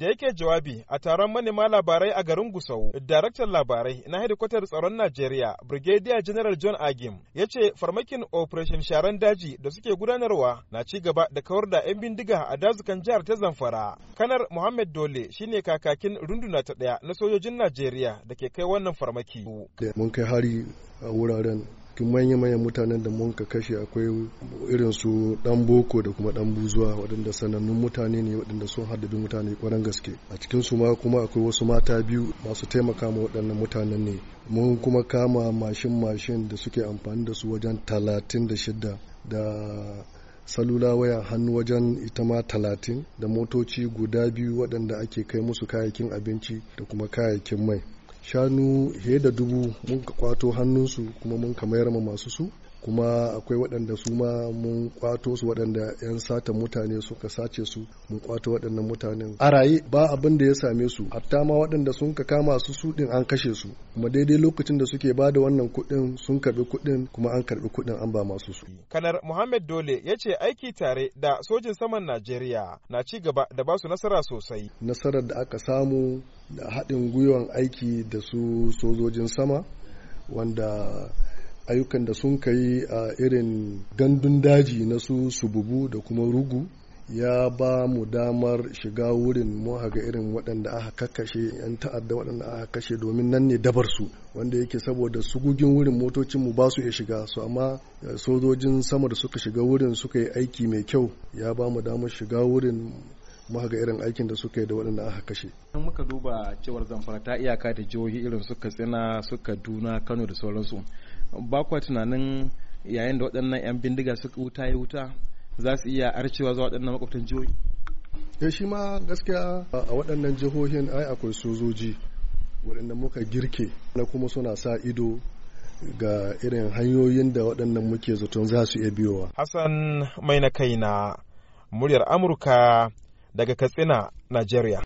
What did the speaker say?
da yake jawabi a taron manema labarai a garin Gusau, daraktan labarai na hedikwatar tsaron Najeriya, Brigadier General John Agim, ya ce farmakin Operation Sharan Daji da suke gudanarwa na ci gaba da kawar da 'yan bindiga a dazukan jihar ta Zamfara. Kanar Muhammad Dole shine kakakin runduna ta ɗaya na sojojin Najeriya da ke kai wannan farmaki. Mun kai hari a wuraren cikin manya-manyan mutanen da mun ka kashe akwai irin su dan boko da kuma dan buzuwa waɗanda sanannun mutane ne waɗanda sun haddabi mutane kwaran gaske a cikin su ma kuma akwai wasu mata biyu masu taimaka ma waɗannan mutanen ne mun kuma kama mashin-mashin da suke amfani da su wajen talatin da shida da salula waya hannu wajen ita ma talatin da motoci guda biyu waɗanda ake kai musu kayayyakin abinci da kuma kayayyakin mai shanu fiye da dubu mun ka kwato hannunsu kuma mun ka mayar ma masu su kuma akwai waɗanda su ma mun kwato su waɗanda 'yan satan mutane suka sace su mun kwato waɗannan mutanen a raye ba abin da ya same su hatta ma waɗanda sun ka kama su su an kashe su kuma daidai lokacin da suke ba da wannan kuɗin sun karɓi kuɗin kuma an karɓi kuɗin an ba masu su kanar muhammad dole ya ce aiki tare da sojin saman najeriya na ci gaba da ba su nasara sosai nasarar da aka samu da haɗin gwiwan aiki da su sojojin sama wanda ayyukan da sun kai a irin gandun daji na su sububu da kuma rugu ya ba mu damar shiga wurin mu haga irin waɗanda aka kakkashe yan ta'adda waɗanda aka kashe domin nan ne dabar su wanda yake saboda sugugin wurin motocin mu ba su iya shiga su amma eh, sojojin sama da suka shiga wurin suka yi aiki mai kyau ya ba mu damar shiga wurin mu ga irin aikin da suka yi da waɗanda aka kashe. Idan muka duba cewar zamfara ta iyaka da jihohi irin su Katsina, su Kaduna, Kano da sauransu. ba kwa tunanin yayin da waɗannan 'yan bindiga suka wuta ya wuta za su iya arcewa zuwa waɗannan makwabtan jihohi ya eh, shi ma gaskiya a waɗannan jihohin ai akwai sojoji waɗanda muka girke na kuma suna sa ido ga irin hanyoyin da waɗannan muke zaton za su iya biyowa hassan mai na kai na muryar amurka daga katsina nigeria